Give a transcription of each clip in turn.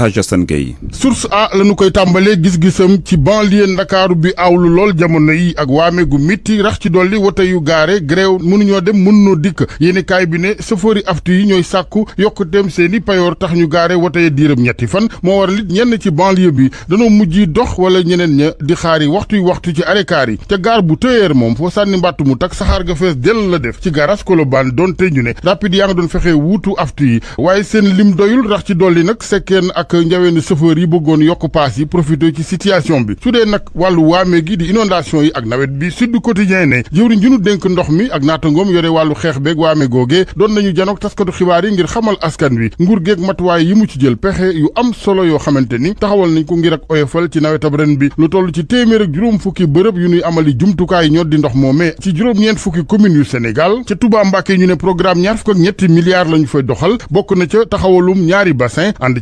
Assane Gueye source a lañu koy tàmbalee gis-gisam ci banlieue ndakaaru bi awlu lool jamono yi ak waame gu mitti rax ci dolli wote yu gaare gréew mënuñoo dem noo dikk yéeni kaay bi ne safari aftu yi ñooy sàkku yokkuteem seeni payoor tax ñu gaare wote ya diiram ñetti fan moo waral it ñenn ci banlieue bi danoo mujj dox wala ñeneen ña di xaari waxtuy waxtu ci arekaar yi ca gaar bu téyeer moom foo sànni mbàtt mu tak saxaar ga fees dell la def ci garas Colobane donte ñu ne rapide yaa nga doon fexee wuutu ak njaweenu chauffeur yi bëggoon yokk paas yi profité ci situation bi su dee nag wàllu waamee gi di inondation yi ak nawet bi Sud Quotidien ne jëwriñ ju nu dénk ndox mi ak ngoom yore wàllu xeex beeg waame googee doon nañu janook taskatu xibaar yi ngir xamal askan wi nguur geeg matuwaay yi mu ci jël pexe yu am solo yoo xamante ni taxawal nañ ko ngir ak oyofal ci nawetab ren bi lu toll ci téeméer ak juróom fukki bërëb yu nuy amali jumtukaay ñoo di ndox moomee ci juróom-ñeent fukki commune yu Sénégal ca Touba Mbàkke ñu ne programme ñaar fukk ak ñetti milliards lañu fay doxal bokk na ca taxawalum ñaari bassin ànd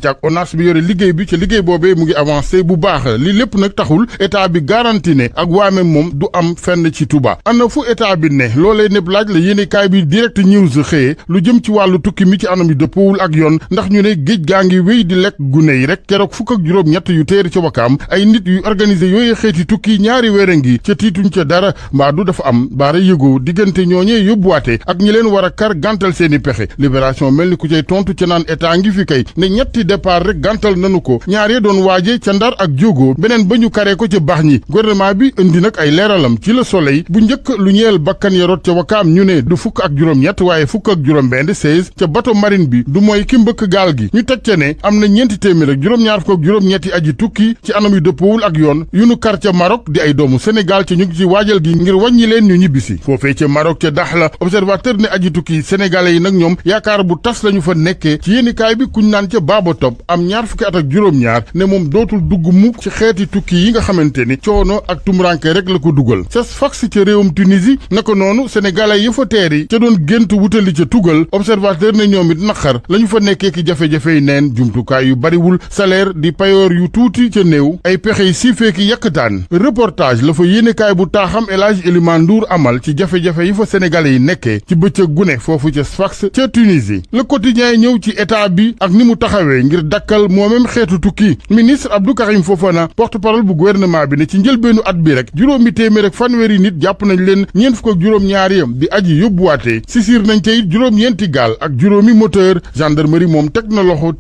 bi yore liggéey bi ca liggéey boobee mu ngi avancé bu baax li lépp nag taxul état bi garanti ne ak waame moom du am fenn ci Touba ana fu état bi ne loolee népp laaj la kaay bi direct news xëyee lu jëm ci wàllu tukki mi ci anam yu dëppawul ak yoon ndax ñu ne géej gaa ngi wéy di lekk gune yi rek keroog fukk ak juróom ñett yu téer ca wakaam ay nit yu organisé yooyu xeeti tukki ñaari wéere ngi ca tiituñ ca dara mbaa du dafa am baara yëgoo diggante ñooñee yóbbuwaate ak ñi leen war a kar seeni pexe libération mel ni ku cay tontu ca naan état ngi fi ne ñetti départ rek gàntal nanu ko ñaaree doon waaje ca ndar ak jógoo beneen ba ñu karee ko ca baax ñi gouvernement bi indi nag ay leeralam ci Le Soleil bu njëkk lu ñeel bakkan ya rot ca wakaam ñu ne du fukk ak juróom-ñett waaye fukk ak juróom-benn seize ca bato marin bi du mooy ki mbëkk gaal gi ñu teg ca ne am na ñeenti téeméer ak juróom-ñaar fukk ak juróom-ñetti aji tukki ci anam yu dëppowul ak yoon yu nu kar ca Maroc di ay doomu Sénégal ca ñu ngi ci waajal gi ngir wàññi leen ñu ñibbisi foofee ca Maroc ca Daxla observateur ne aji tukki sénégalais yi nag ñoom yaakaar bu tas lañu fa nekkee ci yéenikaay bi kuñ naan ca Baaba Top am ñaar fukki at ak juróom-ñaar ne moom dootul dugg xeeti tukki yi nga xamante ni coono ak tumranke rek la ko dugal ses fax ca réewum Tunisie naka noonu sénégalais yi fa yi ca doon gént wutali ca tugal observateur ne ñoom it naqar la ñu fa nekkee ki jafe-jafey neen jumtukaay yu bariwul salaire di payoor yu tuuti ca néew ay pexe pexey siifeeki yàkkataan reportage la fa yéenekaay bu taaxam El Hadj Eliman amal ci jafe-jafe yi fa sénégalais yi nekkee ci bëccëg gune foofu ca Sfax ca Tunisie le quotidien ñëw ci état bi ak ni mu taxawee ngir dakkal waral moo même xeetu tukki ministre Abdou Karim Fofana porte-parole bu gouvernement bi ne ci njëlbeenu at bi rek juróomi téeméer ak fanweeri nit jàpp nañ leen ñeent fukk ak juróom-ñaari yam di aji yóbbuwaatee sisir nañ tey juróom-ñeenti gaal ak juróomi moteur gendarmerie moom teg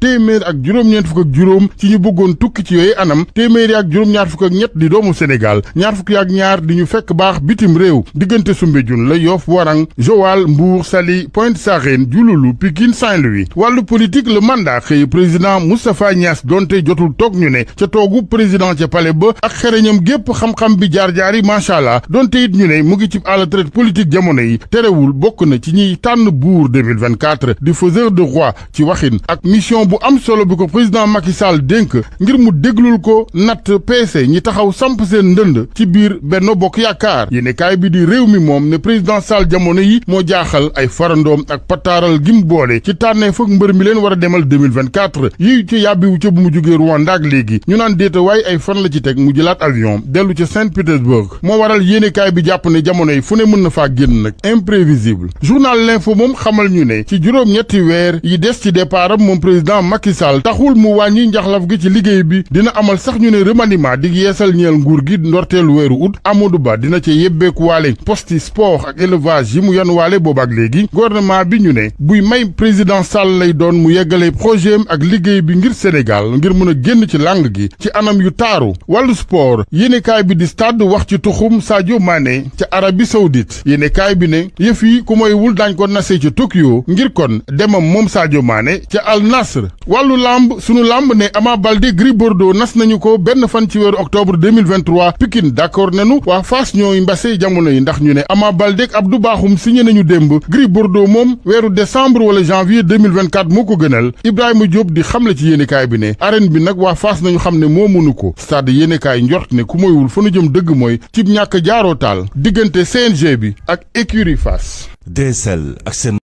téeméer ak juróom-ñeent fukk ak juróom ci ñu bëggoon tukki ci yooyu anam téeméeri ak juróom-ñaar fukk ak ñett di doomu Sénégal ñaar fukki ak ñaar di ñu fekk baax bitim réew la Yoff Warang Joal Mbour Saly Pointe Sarène Diouloulou Pikine Saint-Louis wàllu politique le mandat xëy Moustapha Niass donte jotul toog ñu ne ca toogu président ca palais ba ak xereñam gépp xam-xam bi jaar jaari yi macha allah donte it ñu ne mu ngi ci à la traite politique jamono yi terewul bokk na ci ñiy tànn buur 2024 di faiseur de roi ci waxin ak mission bu am solo bi ko président Macky Sall dénk ngir mu déglul ko natt peese ñi taxaw samp seen ndënd ci biir Benno Bokk Yaakaar yéenekaay bi di réew mi moom ne président Sall jamono yi moo jaaxal ay farandoom ak pataaral gim boole ci tànnee foog mbër mi leen war a demal 2024 yi ci yàbbiwu ca bu mu jógee Rwanda ak léegi ñu naan déeta waaye ay fan la ci teg mu jëlaat avion dellu ca bi jàpp ne jamono yi fu ne mën na faa génn nag imprévisible moom xamal ñu ne ci juróom-ñetti weer yi des ci départam moom président Macky Sall taxul mu wàññi njaxlaf gi ci liggéey bi dina amal sax ñu ne remaniement di yeesal ñeel nguur gi ndorteelu weeru ut Amadou Ba dina ca yebbeekuwaale poste sport ak élevage yi mu yanuwaale boobu ak léegi gouvernement bi ñu ne buy may président Sall lay doon mu yeggale projet ak liggéey bi ngir Sénégal ngir mën a génn ci làng gi ci anam yu taaru wàllu sport kaay bi di stade wax ci tuxum Sadio Mané ca Arabie Saoudite kaay bi ne yëf yi ku mooy wul daañ ko nase ci Tokyo ngir kon demam moom Sadio Mané ca Al Nassr wàllu làmb sunu làmb ne Ama Baldé Gris Bordeaux nas nañu ko benn fan ci weeru octobre 2023 Pikine d'accord nenu waa Fass ñooy mbase jamono yi ndax ñu ne Ama Baldé ak Abdou baaxum signé nañu demb Gris Bordeaux moom weeru décembre wala janvier 2024 moo ko yéenekaay bi ne arène bi nag waa Fass nañu xam ne moo mënu ko stade yéenekaay njort ne ku moywul fa nu jëm dëgg mooy cib ñàkk jaaroo taal diggante CNG bi ak écurie Fass DSL ak seen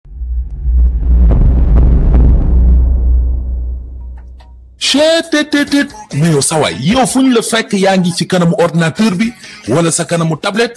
chetttt mais yow sa yow fu ñu la fekk yaa ngi ci kanamu ordinateur bi wala sa kanamu tablet